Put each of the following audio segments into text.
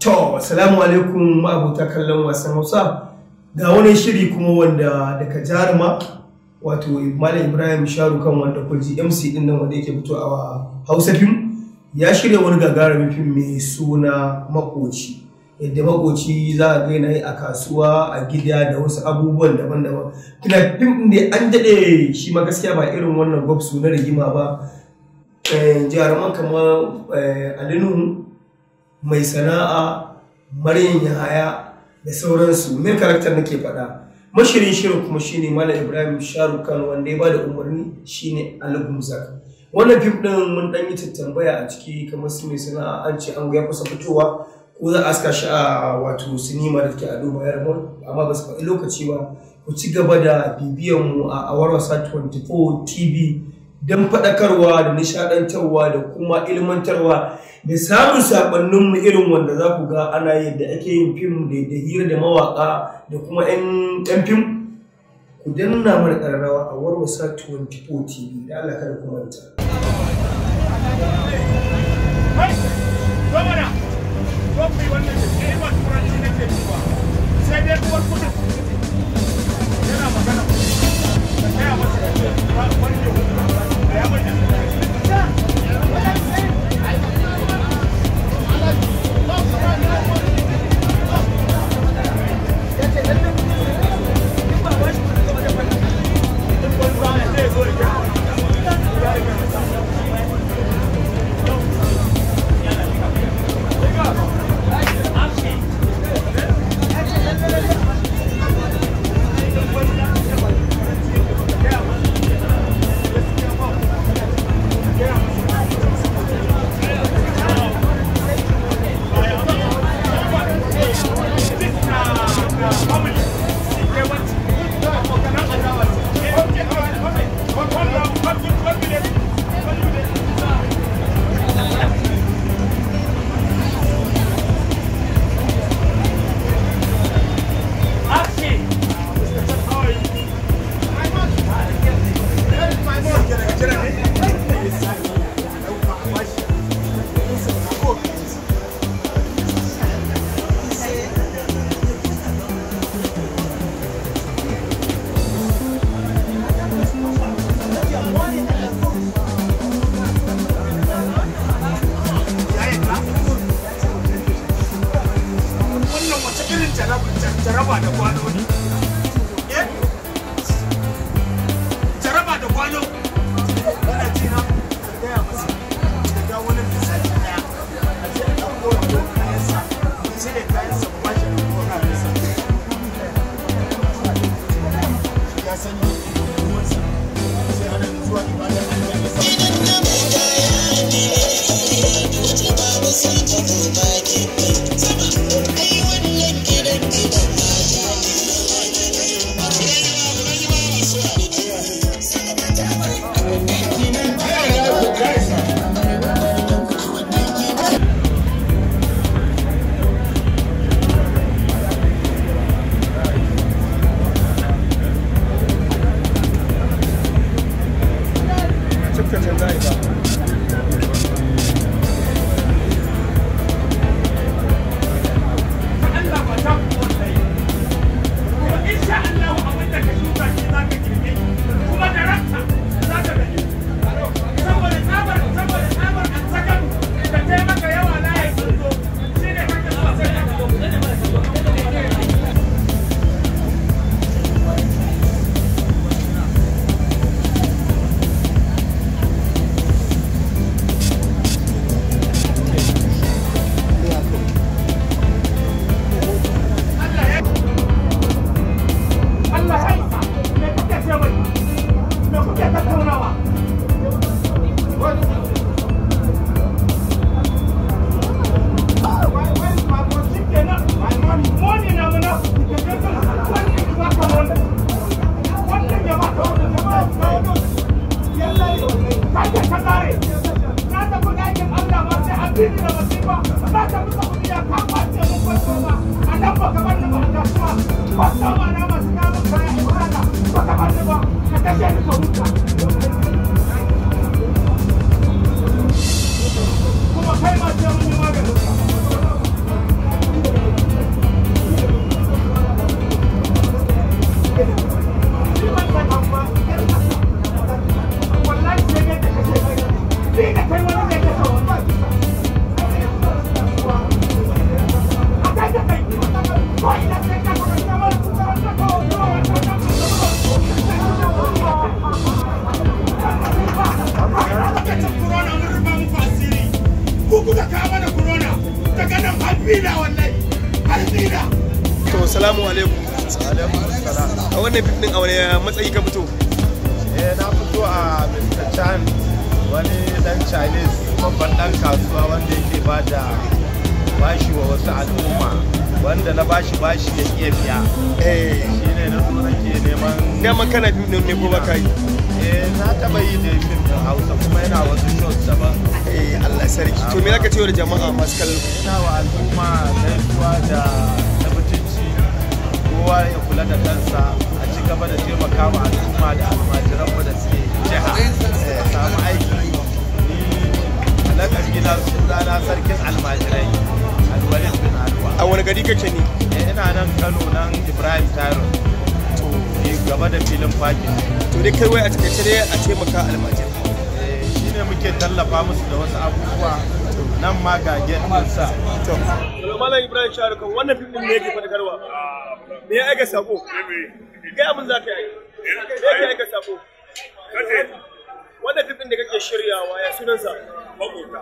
To, salamu alaikum abota kallon wasan Hausa. Ga wani shiri kuma wanda daga jaruma wato Malam Ibrahim Sharu kan wanda kulji MC din nan wanda yake fito a Hausa fim ya shirya wani gagarumin fim mai suna makoci. Yadda makoci za a ga yi a kasuwa a gida da wasu abubuwan daban-daban. Kina fim din da an daɗe shi ma gaskiya ba irin wannan gwabsu na rigima ba. Eh, jaruman kamar eh, Alinu mai sana'a maryam yahaya da sauransu mai karakter nake faɗa mashirin shirin kuma shine malam ibrahim sharukan wanda ya ba da umarni shine alhumzak wannan fim ɗin mun ɗan yi tambaya a ciki kamar su mai sana'a an ce an ya kusa fitowa ko za a shi a wato sinima da ke a duba yarmar amma ba su faɗi lokaci ba ku ci gaba da bibiyan mu a awar wasa 24 tv don faɗakarwa da nishaɗantarwa da kuma ilmantarwa da samun mu irin wanda za ku ga ana yadda ake yin fim da hira da mawaƙa da kuma 'yan fim ku danna mana ƙararrawa a warwasa 24 tv da allah kada ku dina wallahi an to salamu alaikum a wannan fim din a wani matsayi ka fito eh na fito a Mr. Chan wani dan Chinese babban dan kasuwa wanda yake ba da bashi wa wasu al'umma wanda na bashi bashi ya iya biya eh shine na so nake neman dama kana fim din ne ko baka yi eh na taba yi da fim din hausa kuma yana wasu shows daban eh allah sarki to me zaka ce wa jama'a masu kallo ina wa al'umma gaisuwa da na mutunci kowa ya kula da kansa a ci gaba da taimaka ma al'umma da almajiran mu da suke jiha samu aiki ni na kabila sunana sarkin almajirai alwalid bin alwa a wani gari kake ni eh, ina nan kano nan ibrahim tyrone gaba da filin fakin to dai kai wai a cikin dai a taimaka almajir eh, shi ne muke tallafa musu da wasu abubuwa nan ma ga sa to malam ibrahim sharukan wannan fim ne yake fadakarwa me ya aika sako ga abin za ka yi me ya aika sako wannan fim da kake shiryawa ya sunansa makota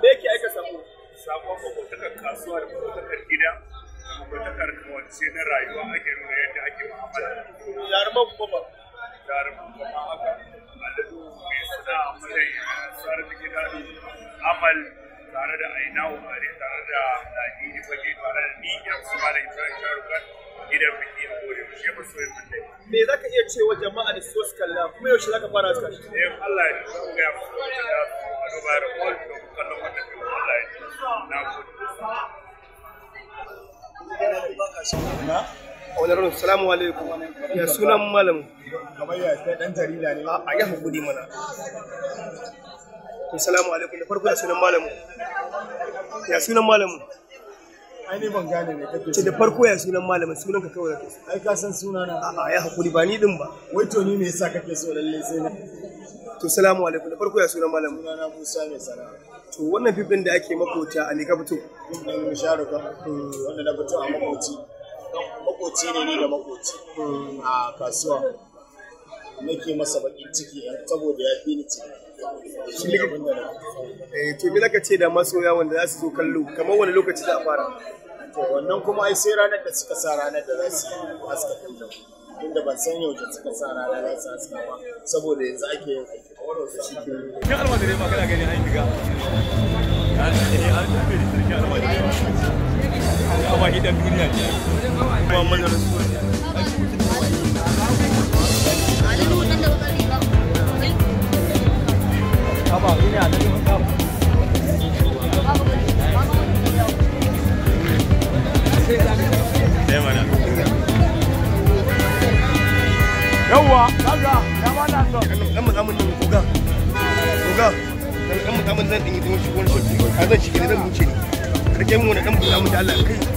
me yake aika sako sakon ka kasuwa da makotakar gida makotakar kawance na rayuwa ake man kuma amal tare da aina umari tare da lahiri fage tare da ni yan su malam ibrahim sharukan gidan biki a kore mu shi maso yin mutai me zaka iya cewa jama'a da su kalla kuma yaushe zaka fara su kashi eh Allah ya tsaya ga mu da a gaba da kwallo kallon wannan film Allah ya na gode honorable salamu alaikum ya sunan malam kamar ya dan jarida ne a ya hakuri mana to salamu alaikum da farko ya sunan malam ya sunan malam ai ne ban gane ne kake ce da farko ya sunan malamin sunan ka kawai ai ka san sunana a'a ya hakuri ba ni din ba wai to ni me yasa kake so lalle sai na to salamu alaikum da farko ya sunan malam na Musa mai sana'a to wannan fifin da ake makota a ne ka fito mun share eh, ka wanda na fito a makoci makoci ne ni da makoci a kasuwa nake masa bakin ciki eh, saboda ya fi ni ciki eh, to me ka ce da masoya wanda za su zo kallo kamar wani lokaci za a fara to wannan kuma ai sai ranar da suka sa ranar da za su haska kallo inda ban san yau da suka sa ranar da za su haska ba saboda yanzu ake yin aiki kin almajiri ma kana gani a an shiga an tafi da sarki almajiri awa hidan duniya ne kuma mun rasu Apa ini ada di hotel? zan shi ni. mu dan da Allah kai.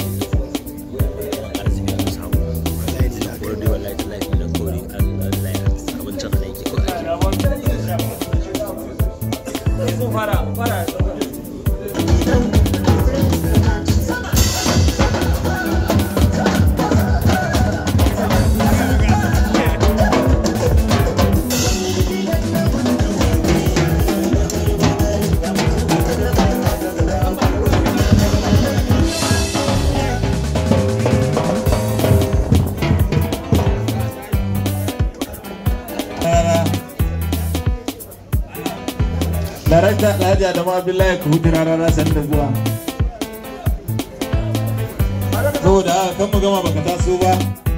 com o varal. Varal. darakta alhaji adamu abdullahi ku hutu rarara san da zuwa saboda haka kan mu gama baka taso ba